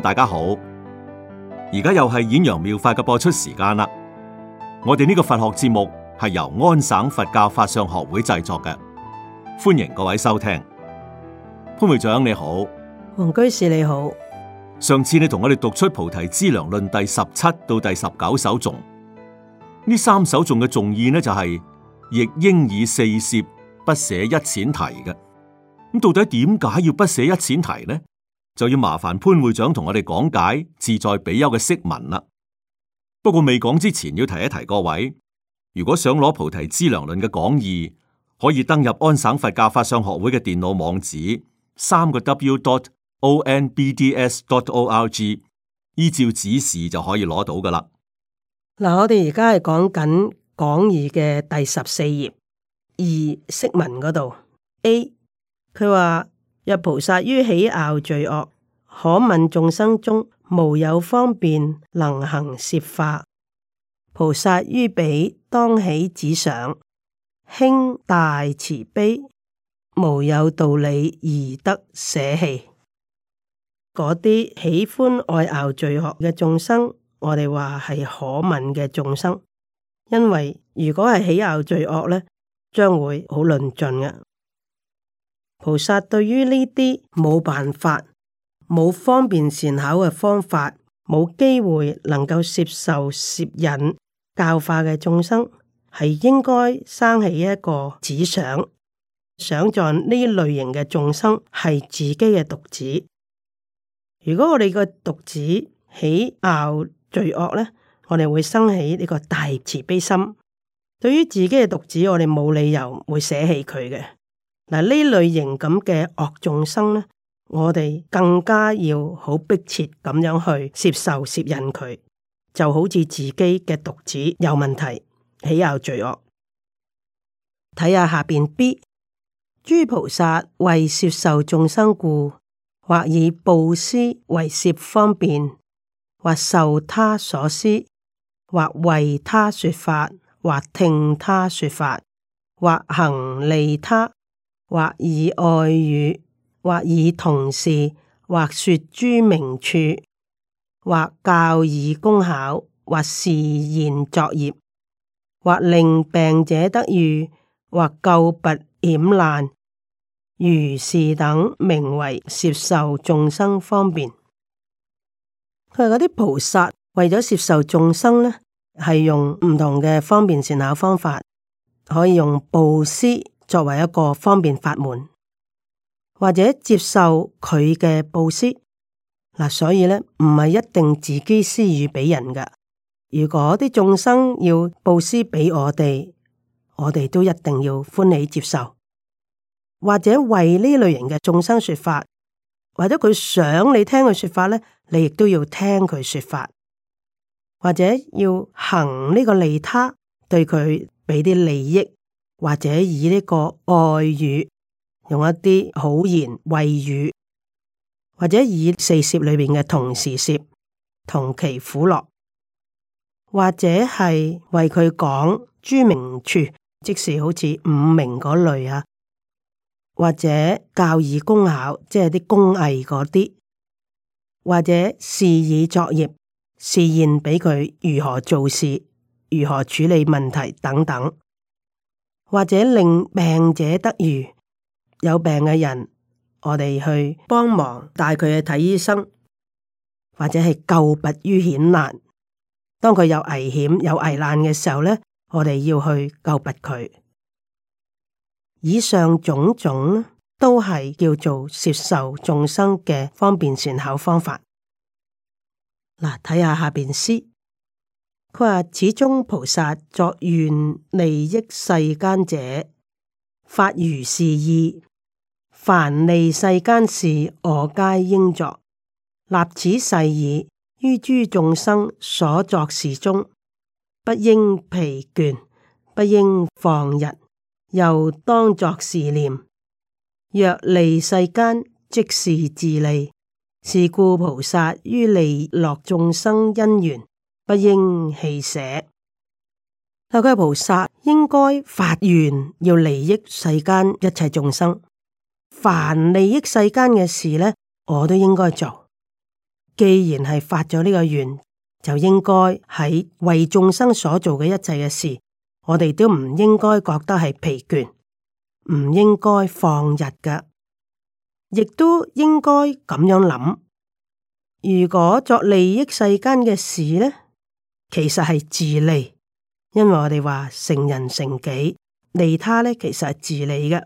大家好，而家又係演揚妙法嘅播出時間啦。我哋呢個佛學節目係由安省佛教法相學會製作嘅，歡迎各位收聽。潘會長你好，黃居士你好。上次你同我哋讀出《菩提資糧論》第十七到第十九首頌，呢三首頌嘅頌意呢就係亦應以四攝不捨一闡提嘅。咁到底點解要不捨一闡提呢？就要麻煩潘會長同我哋講解自在比丘嘅釋文啦。不過未講之前，要提一提各位，如果想攞菩提資糧論嘅講義，可以登入安省佛教法相學會嘅電腦網址，三個 w.dot.o.n.b.d.s.dot.o.r.g，依照指示就可以攞到噶啦。嗱，我哋而家係講緊講義嘅第十四頁二釋文嗰度，A 佢話。若菩薩於喜拗罪惡，可愍眾生中無有方便能行攝化。菩薩於彼當起子想，興大慈悲，無有道理而得捨棄。嗰啲喜歡愛拗罪惡嘅眾生，我哋話係可愍嘅眾生，因為如果係喜拗罪惡呢，將會好論盡嘅。菩薩對於呢啲冇辦法、冇方便善巧嘅方法、冇機會能夠攝受攝引教化嘅眾生，係應該生起一個「子」想，想象呢類型嘅眾生係自己嘅獨子。如果我哋嘅獨子起拗罪惡咧，我哋會生起呢個大慈悲心。對於自己嘅獨子，我哋冇理由會捨棄佢嘅。嗱，呢類型咁嘅惡眾生呢，我哋更加要好迫切咁樣去接受攝引佢，就好似自己嘅獨子有問題，豈有罪惡？睇下下邊 B，諸菩薩為攝受眾生故，或以布施為攝方便，或受他所施，或為他說法，或聽他說法，或行利他。或以愛語，或以同事，或說諸名處，或教以功巧，或示現作業，或令病者得愈，或救拔險難，如是等名為攝受眾生方便。佢話嗰啲菩薩為咗攝受眾生呢係用唔同嘅方便善巧方法，可以用布施。作為一個方便法門，或者接受佢嘅布施。嗱，所以咧唔係一定自己施予俾人噶。如果啲眾生要布施俾我哋，我哋都一定要歡喜接受，或者為呢類型嘅眾生說法，或者佢想你聽佢說法咧，你亦都要聽佢說法，或者要行呢個利他，對佢俾啲利益。或者以呢個愛語，用一啲好言慰語；或者以四攝裏邊嘅同事攝，同其苦樂；或者係為佢講諸明處，即是好似五明嗰類啊；或者教以工巧，即係啲工藝嗰啲；或者示以作業，示現俾佢如何做事，如何處理問題等等。或者令病者得愈，有病嘅人，我哋去幫忙帶佢去睇醫生，或者係救拔於險難。當佢有危險、有危難嘅時候咧，我哋要去救拔佢。以上種種都係叫做攝受眾生嘅方便善巧方法。嗱，睇下下邊詩。佢話：始終菩薩作願利益世間者，法如是意。凡利世間事，我皆應作。立此誓已，於諸眾生所作事中，不應疲倦，不應放逸，又當作是念：若利世間，即是自利。是故菩薩於利樂眾生因緣。不應棄捨。但佢係菩薩應該發願要利益世間一切眾生，凡利益世間嘅事呢，我都應該做。既然係發咗呢個願，就應該喺為眾生所做嘅一切嘅事，我哋都唔應該覺得係疲倦，唔應該放日㗎，亦都應該咁樣諗。如果作利益世間嘅事呢，其實係自利，因為我哋話成人成己，利他咧，其實係自利嘅。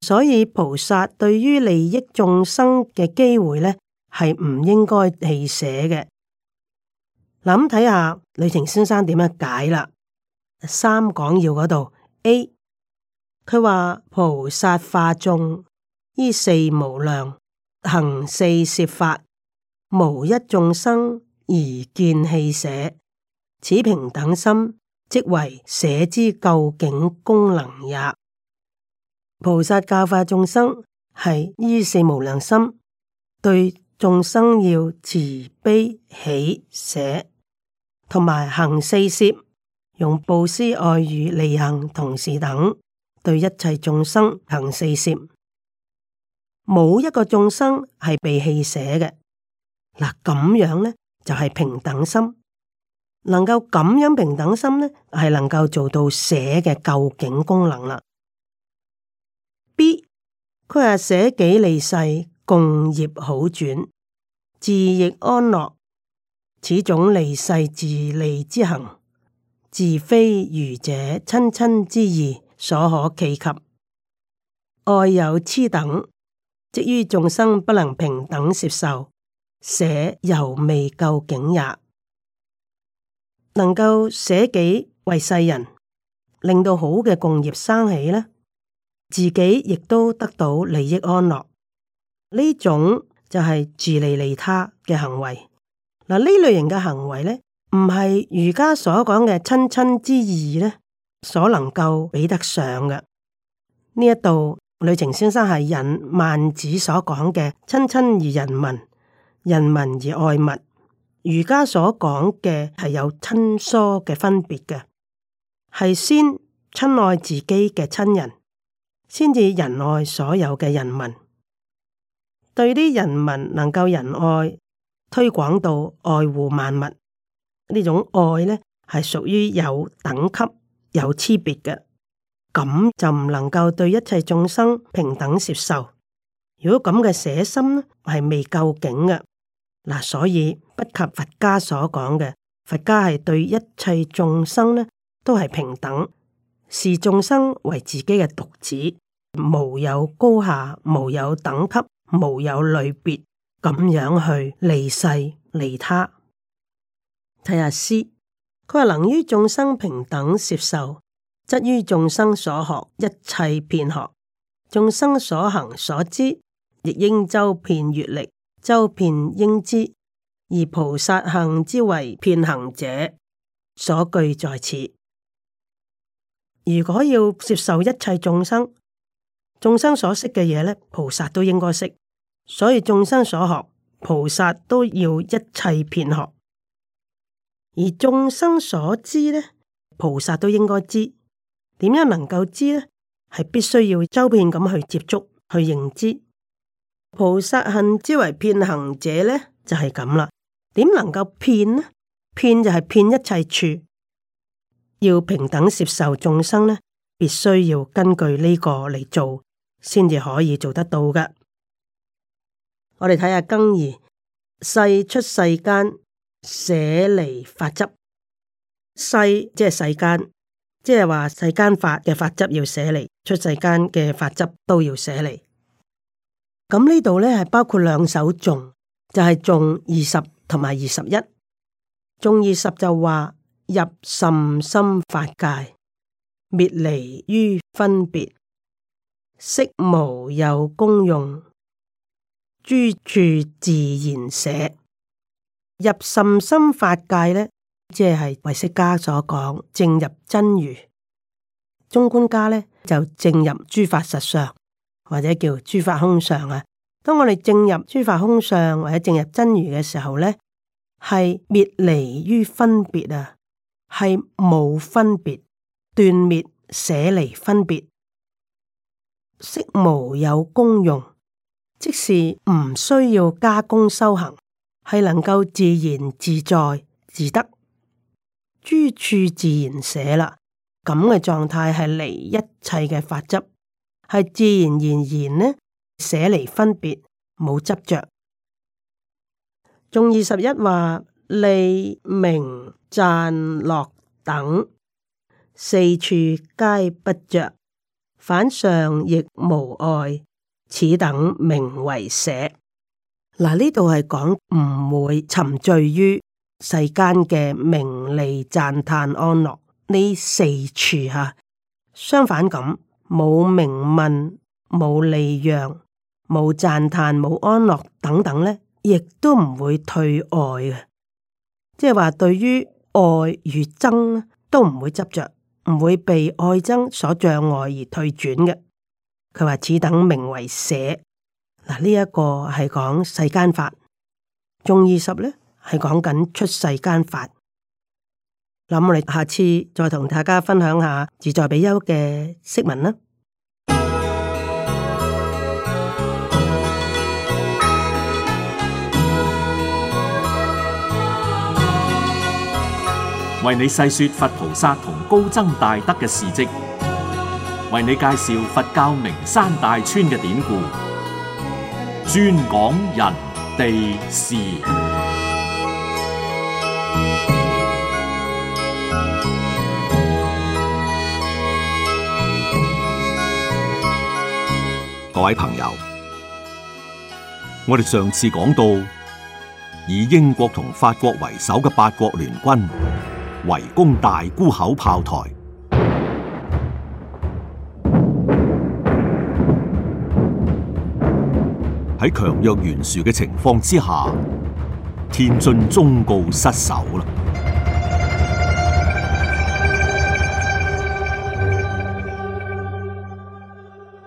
所以菩薩對於利益眾生嘅機會咧，係唔應該棄捨嘅。嗱睇下呂澂先生點樣解啦，《三講要》嗰度 A，佢話菩薩化眾，依四無量行四攝法，無一眾生而見棄捨。此平等心，即為捨之究竟功能也。菩薩教化眾生，係依四無量心，對眾生要慈悲喜捨，同埋行四攝，用布施、愛語、利行、同事等，對一切眾生行四攝，冇一個眾生係被棄捨嘅。嗱，咁樣呢，就係平等心。能夠咁樣平等心呢，係能夠做到捨嘅究竟功能啦。B，佢話捨己利世，共業好轉，自亦安樂。此種利世自利之行，自非愚者親親之意所可企及。愛有癡等，即於眾生不能平等接受，捨猶未究竟也。能夠捨己為世人，令到好嘅共業生起咧，自己亦都得到利益安樂，呢種就係自利利他嘅行為。嗱，呢類型嘅行為咧，唔係儒家所講嘅親親之義，咧，所能夠比得上嘅。呢一度，呂澄先生係引孟子所講嘅親親而仁民，仁民而愛物。儒家所講嘅係有親疏嘅分別嘅，係先親愛自己嘅親人，先至仁愛所有嘅人民。對啲人民能夠仁愛，推廣到愛護萬物，呢種愛呢係屬於有等級、有差別嘅。咁就唔能夠對一切眾生平等接受。如果咁嘅捨心咧，係未夠竟嘅。嗱、啊，所以不及佛家所講嘅，佛家係對一切眾生呢，都係平等，視眾生為自己嘅獨子，無有高下，無有等級，無有類別，咁樣去利世利他。睇下詩，佢話能於眾生平等接受，則於眾生所學一切遍學，眾生所行所知，亦應周遍閱歷。周遍應知，而菩薩行之為遍行者，所據在此。如果要接受一切眾生，眾生所識嘅嘢呢，菩薩都應該識，所以眾生所學，菩薩都要一切遍學；而眾生所知呢，菩薩都應該知。點樣能夠知呢？係必須要周遍咁去接觸，去認知。菩薩恨之為騙行者呢，就係咁啦。點能夠騙呢？騙就係騙一切處，要平等攝受眾生呢，必須要根據呢個嚟做，先至可以做得到噶。我哋睇下更二世出世間捨離法執，世即係世間，即係話世間法嘅法執要捨離，出世間嘅法執都要捨離。咁呢度咧係包括兩首頌，就係、是、頌二十同埋二十一。頌二十就話入甚深法界，滅離於分別，色無有功用，諸處自然捨。入甚深法界咧，即係唯識家所講正入真如，中觀家咧就正入諸法實相。或者叫諸法空相啊，當我哋正入諸法空相或者正入真如嘅時候咧，係滅離於分別啊，係冇分別斷滅捨離分別，色無有功用，即是唔需要加功修行，係能夠自然自在自得，諸處自然捨啦。咁嘅狀態係離一切嘅法則。係自然而然，然呢，捨嚟分別，冇執着。仲二十一話利、名、讚、樂等四處皆不着，反上亦無愛，此等名為捨。嗱，呢度係講唔會沉醉於世間嘅名利、讚嘆、安樂呢四處吓，啊，相反咁。冇名聞，冇利讓，冇贊嘆，冇安樂等等咧，亦都唔會退愛嘅，即係話對於愛與憎都唔會執着，唔會被愛憎所障礙而退轉嘅。佢話此等名為捨。嗱，呢、這、一個係講世間法，中二十咧係講緊出世間法。諗我哋下次再同大家分享下自在比丘嘅釋文啦。為你細說佛菩薩同高僧大德嘅事跡，為你介紹佛教名山大川嘅典故，專講人地事。各位朋友，我哋上次講到，以英國同法國為首嘅八國聯軍圍攻大沽口炮台，喺強弱懸殊嘅情況之下，天津終告失守啦。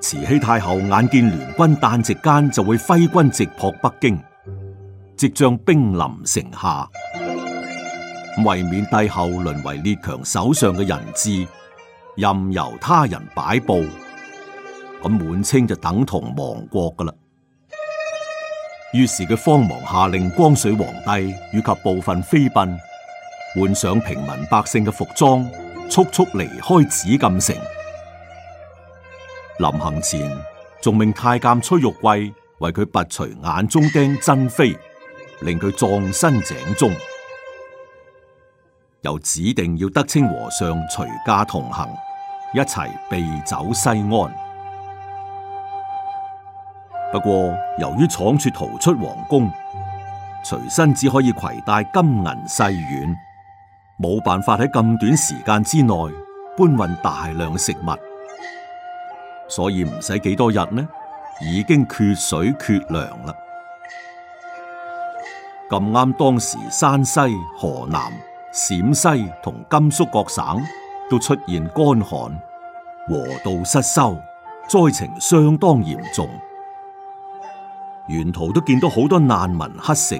慈禧太后眼見聯軍旦夕間就會揮軍直撲北京，即將兵臨城下，為免帝后淪為列強手上嘅人質，任由他人擺布，咁滿清就等同亡國噶啦。於是佢慌忙下令光緒皇帝以及部分妃嬪換上平民百姓嘅服裝，速速離開紫禁城。臨行前，仲命太監崔玉貴為佢拔除眼中釘珍妃，令佢葬身井中。又指定要德清和尚隨駕同行，一齊避走西安。不過由於倉促逃出皇宮，隨身只可以攜帶金銀細軟，冇辦法喺咁短時間之內搬運大量食物。所以唔使幾多日呢，已經缺水缺糧啦。咁啱當時山西、河南、陝西同甘肅各省都出現乾旱，河道失收，災情相當嚴重。沿途都見到好多難民乞食。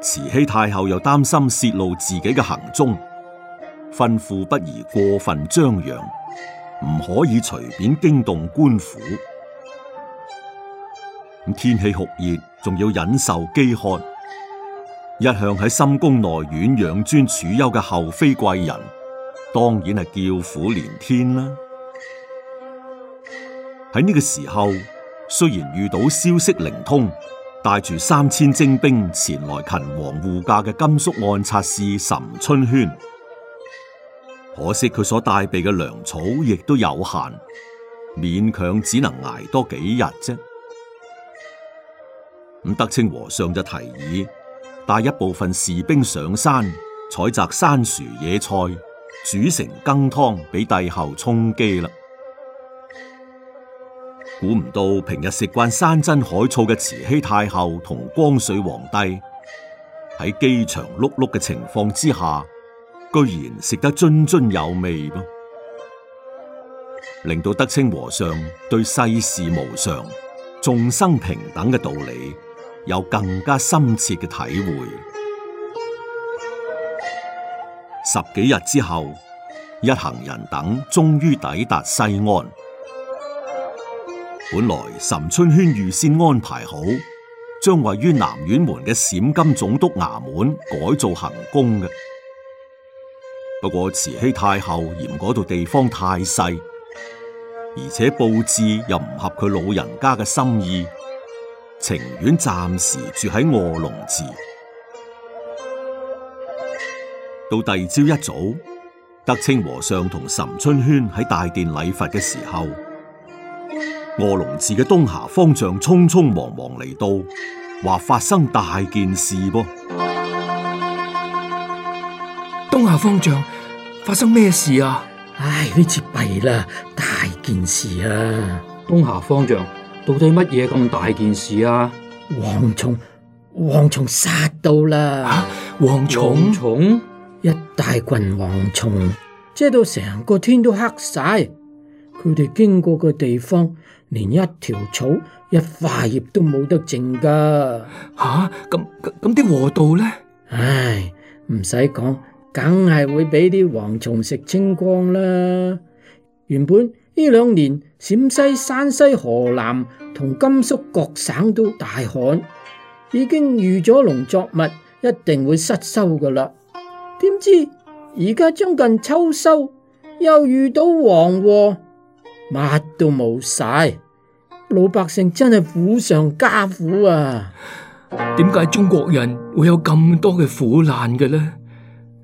慈禧太后又擔心泄露自己嘅行蹤，吩咐不宜過分張揚。唔可以隨便驚動官府。咁天氣酷熱，仲要忍受飢渴。一向喺深宮內院養尊處優嘅后妃貴人，當然係叫苦連天啦。喺呢個時候，雖然遇到消息靈通，帶住三千精兵前來勤王護駕嘅甘肅按察使岑春軒。可惜佢所帶備嘅糧草亦都有限，勉強只能捱多幾日啫。咁德清和尚就提議帶一部分士兵上山採摘山薯野菜，煮成羹湯俾帝后充飢啦。估唔到平日食慣山珍海醋嘅慈禧太后同光緒皇帝喺飢腸轆轆嘅情況之下。居然食得津津有味噃，令到德清和尚對世事無常、眾生平等嘅道理有更加深切嘅體會。十幾日之後，一行人等終於抵達西安。本來岑春煊預先安排好，將位於南院門嘅陝甘總督衙門改造行宮嘅。不過慈禧太后嫌嗰度地方太細，而且布置又唔合佢老人家嘅心意，情願暫時住喺臥龍寺。到第二朝一早，德清和尚同岑春軒喺大殿禮佛嘅時候，臥龍寺嘅東霞方丈匆匆忙忙嚟到，話發生大件事噃。東霞方丈，發生咩事啊？唉，呢次弊啦，大件事啊！東霞方丈，到底乜嘢咁大件事啊？蝗蟲，蝗蟲殺到啦！蝗蟲、啊？蝗蟲？一大群蝗蟲，遮到成個天都黑晒。佢哋經過嘅地方，連一條草、一塊葉都冇得剩噶。吓、啊，咁咁啲和尚呢？唉，唔使講。梗係會俾啲蝗蟲食清光啦！原本呢兩年陝西、山西、河南同甘肅各省都大旱，已經預咗農作物一定會失收噶啦。點知而家將近秋收，又遇到蝗禍，乜都冇晒，老百姓真係苦上加苦啊！點解中國人會有咁多嘅苦難嘅呢？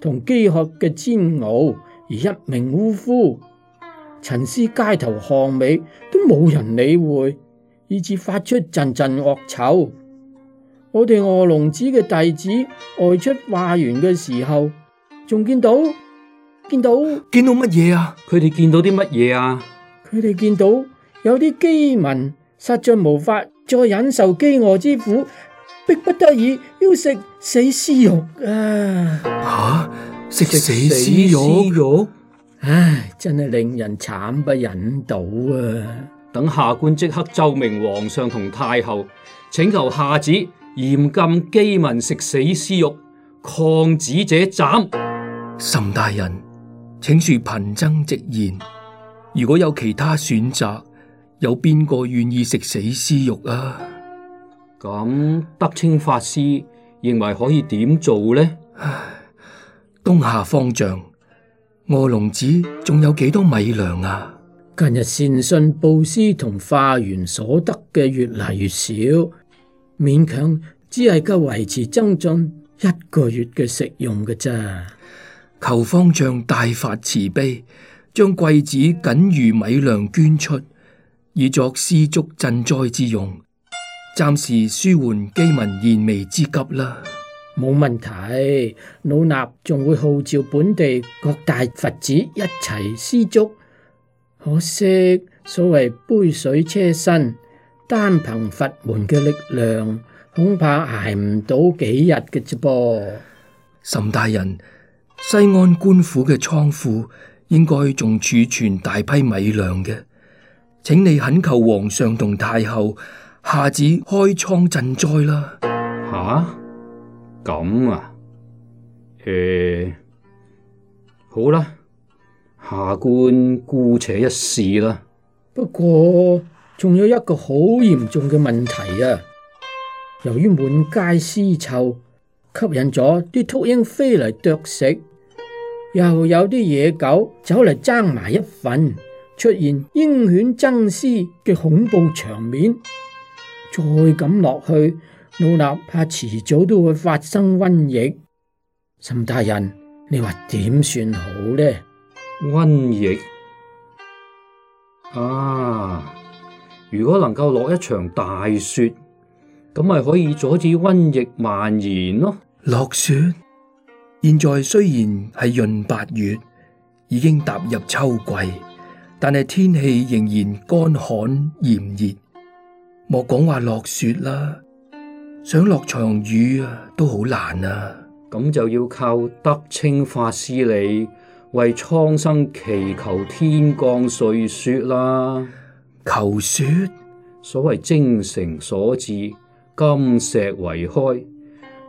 同饑渴嘅煎熬，而一命嗚呼，陳屍街頭巷尾，都冇人理會，以致發出陣陣惡臭。我哋臥龍子嘅弟子外出化緣嘅時候，仲見到見到見到乜嘢啊？佢哋見到啲乜嘢啊？佢哋見到有啲饑民，實在無法再忍受饑餓之苦。迫不得已要食死屍肉啊！吓、啊，食死屍肉，唉，真係令人慘不忍睹啊！等下官即刻奏明皇上同太后，請求下旨嚴禁饑民食死屍肉，抗旨者斬。岑大人，請恕貧僧直言，如果有其他選擇，有邊個願意食死屍肉啊？咁、嗯、德清法師認為可以點做呢？東夏方丈，臥龍寺仲有幾多米糧啊？近日善信布施同化緣所得嘅越嚟越少，勉強只係夠維持增進一個月嘅食用嘅咋。求方丈大發慈悲，將貴寺僅餘米糧捐出，以作施粥賑災之用。暫時舒緩飢民燃眉之急啦。冇問題，老衲仲會號召本地各大佛寺一齊施粥。可惜所謂杯水車薪，單憑佛門嘅力量，恐怕挨唔到幾日嘅啫噃。岑大人，西安官府嘅倉庫應該仲儲存大批米糧嘅，請你懇求皇上同太后。下次開倉賑災啦！吓咁啊？誒，好啦，下官姑且一試啦。不過仲有一個好嚴重嘅問題啊！由於滿街屍臭，吸引咗啲禿鷹飛嚟啄食，又有啲野狗走嚟爭埋一份，出現鷹犬爭屍嘅恐怖場面。再咁落去，老衲怕遲早都會發生瘟疫。沈大人，你話點算好呢？瘟疫啊！如果能夠落一場大雪，咁咪可以阻止瘟疫蔓延咯。落雪？現在雖然係閏八月，已經踏入秋季，但係天氣仍然乾旱炎熱。莫講話落雪啦，想落場雨啊都好難啊！咁就要靠德清法師你為蒼生祈求天降瑞雪啦。求雪，所謂精誠所至，金石為開。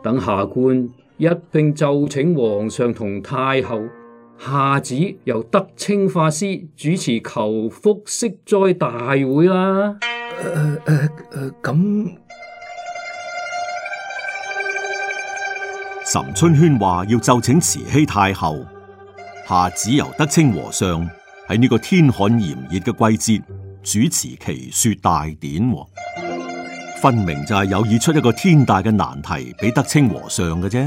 等下官一並就請皇上同太后。夏子由德清法師主持求福息災大會啦。誒咁岑春軒話要奏請慈禧太后，夏子由德清和尚喺呢個天旱炎熱嘅季節主持祈雪大典，分明就係有意出一個天大嘅難題俾德清和尚嘅啫。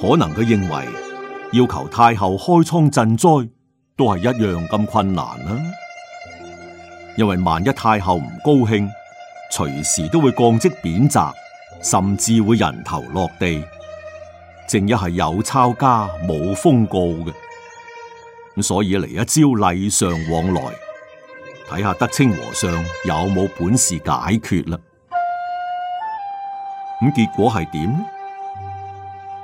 可能佢認為。要求太后開倉賑災，都係一樣咁困難啦、啊。因為萬一太后唔高興，隨時都會降職貶責，甚至會人頭落地。正一係有抄家，冇封誥嘅。咁所以嚟一招禮尚往來，睇下德清和尚有冇本事解決啦。咁、嗯、結果係點？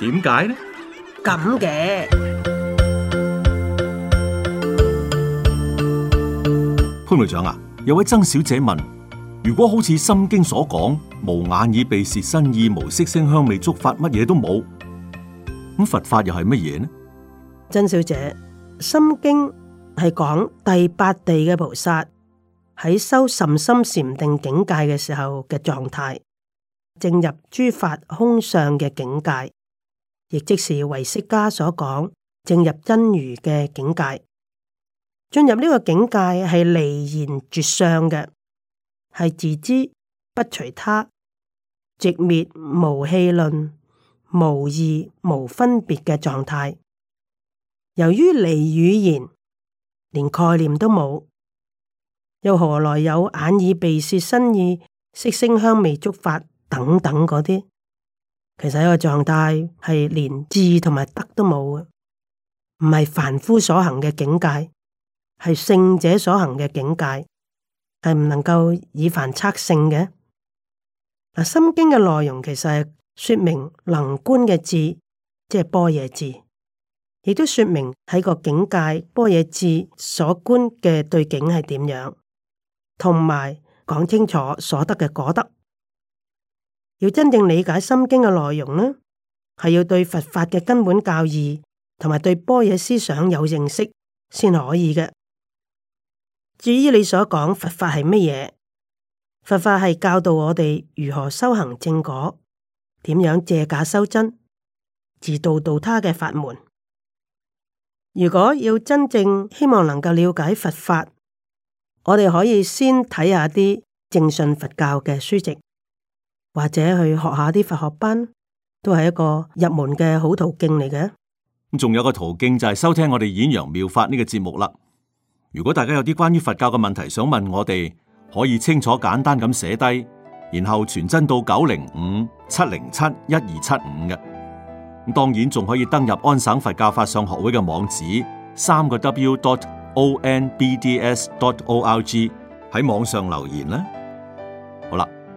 點解呢？咁，嘅潘會長啊，有位曾小姐問：如果好似《心經》所講，無眼耳鼻舌身意，無色聲香味觸法，乜嘢都冇，咁佛法又係乜嘢呢？曾小姐，《心經》係講第八地嘅菩薩喺修甚深禪定境界嘅時候嘅狀態，正入諸法空相嘅境界。亦即是為釋迦所講正入真如嘅境界，進入呢個境界係離言絕相嘅，係自知不隨他，寂滅無戲論、無義、無分別嘅狀態。由於離語言，連概念都冇，又何來有眼耳鼻舌身意、色聲香味觸法等等嗰啲？其實呢個狀態係連智同埋德都冇嘅，唔係凡夫所行嘅境界，係聖者所行嘅境界，係唔能夠以凡測聖嘅。心經嘅內容其實係說明能觀嘅智，即係般若智，亦都說明喺個境界般若智所觀嘅對境係點樣，同埋講清楚所得嘅果德。要真正理解《心經》嘅內容呢，係要對佛法嘅根本教義同埋對般若思想有認識先可以嘅。至於你所講佛法係乜嘢？佛法係教導我哋如何修行正果，點樣借假修真、自度度他嘅法門。如果要真正希望能夠了解佛法，我哋可以先睇下啲正信佛教嘅書籍。或者去學下啲佛學班，都係一個入門嘅好途徑嚟嘅。仲有個途徑就係收聽我哋《演揚妙法》呢個節目啦。如果大家有啲關於佛教嘅問題想問我哋，可以清楚簡單咁寫低，然後傳真到九零五七零七一二七五嘅。咁當然仲可以登入安省佛教法相學會嘅網址，三個 W dot O N B D S dot O R G 喺網上留言啦。